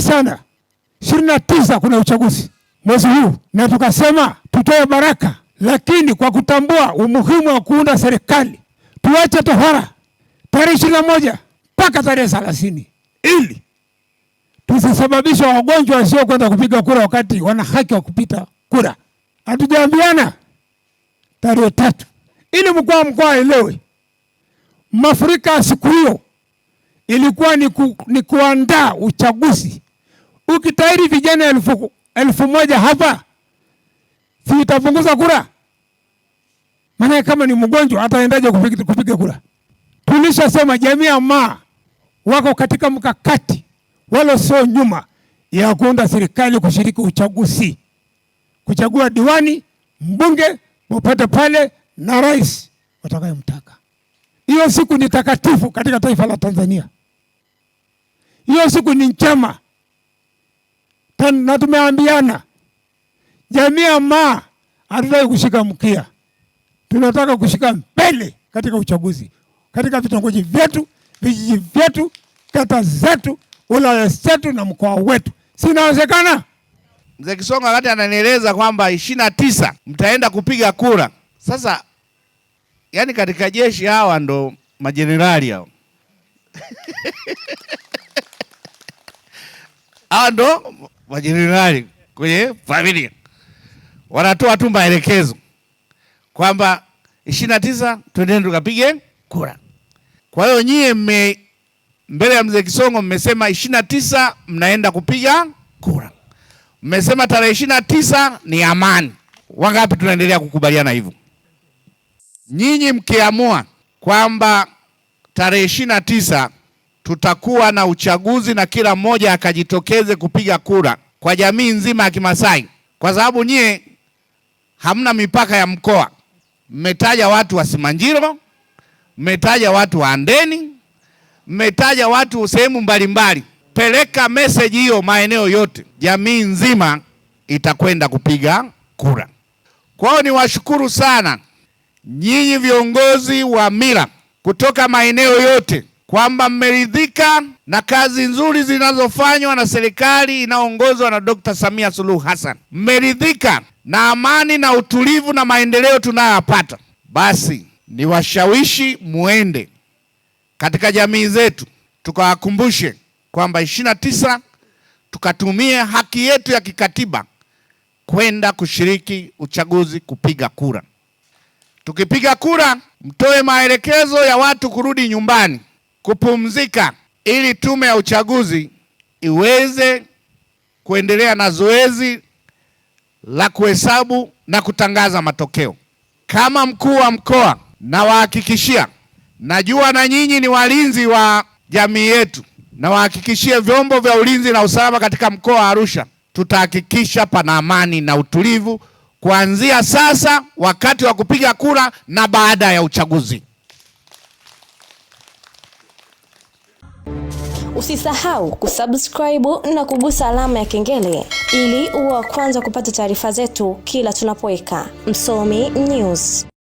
sana ishirini na tisa kuna uchaguzi mwezi huu, na tukasema tutoe baraka, lakini kwa kutambua umuhimu wa kuunda serikali tuache tohara tarehe ishirini na moja mpaka tarehe thelathini ili tusisababisha wagonjwa wasiokwenda kupiga kura wakati wana haki wa kupita kura. Hatujaambiana tarehe tatu ili mkoa mkoa elewe mafurika siku hiyo ilikuwa ni, ku, ni kuandaa uchaguzi. Ukitairi vijana elfu, elfu moja hapa si itapunguza kura? Maana kama ni mgonjwa ataendaje kupiga kura? Tulishasema jamii ya Maa wako katika mkakati wala sio nyuma ya kuunda serikali kushiriki uchaguzi, kuchagua diwani, mbunge, mupate pale na rais watakayemtaka. Hiyo siku ni takatifu katika taifa la Tanzania. Hiyo siku ni njema na tumeambiana jamii ama hatutaki kushika mkia, tunataka kushika mbele katika uchaguzi, katika vitongoji vyetu, vijiji vyetu, kata zetu, wilaya zetu na mkoa wetu. inawezekana? Mzee Kisonga wakati ananieleza kwamba ishirini na tisa mtaenda kupiga kura sasa yani katika jeshi hawa ndo majenerali hao hawa ndo majenerali kwenye familia, wanatoa tu maelekezo kwamba ishirini na tisa twendeni tukapige kura. Kwa hiyo nyie mme mbele ya mzee Kisongo mmesema ishirini na tisa mnaenda kupiga kura, mmesema tarehe ishirini na tisa ni amani. Wangapi tunaendelea kukubaliana hivyo? Nyinyi mkiamua kwamba tarehe ishirini na tisa tutakuwa na uchaguzi na kila mmoja akajitokeze kupiga kura kwa jamii nzima ya Kimasai, kwa sababu nyie hamna mipaka ya mkoa. Mmetaja watu wa Simanjiro, mmetaja watu wa Andeni, mmetaja watu sehemu mbalimbali. Peleka meseji hiyo maeneo yote, jamii nzima itakwenda kupiga kura. Kwa ni niwashukuru sana nyinyi viongozi wa mila kutoka maeneo yote kwamba mmeridhika na kazi nzuri zinazofanywa na serikali inayoongozwa na Dr. Samia Suluhu Hassan, mmeridhika na amani na utulivu na maendeleo tunayoyapata, basi ni washawishi muende katika jamii zetu tukawakumbushe kwamba ishirini na tisa tukatumie haki yetu ya kikatiba kwenda kushiriki uchaguzi kupiga kura. Tukipiga kura, mtoe maelekezo ya watu kurudi nyumbani kupumzika, ili tume ya uchaguzi iweze kuendelea na zoezi la kuhesabu na kutangaza matokeo. Kama mkuu wa mkoa, nawahakikishia, najua na nyinyi ni walinzi wa jamii yetu, nawahakikishie vyombo vya ulinzi na usalama katika mkoa wa Arusha tutahakikisha pana amani na utulivu kuanzia sasa, wakati wa kupiga kura na baada ya uchaguzi. Usisahau kusubscribe na kugusa alama ya kengele ili uwe wa kwanza kupata taarifa zetu kila tunapoweka. Msomi News.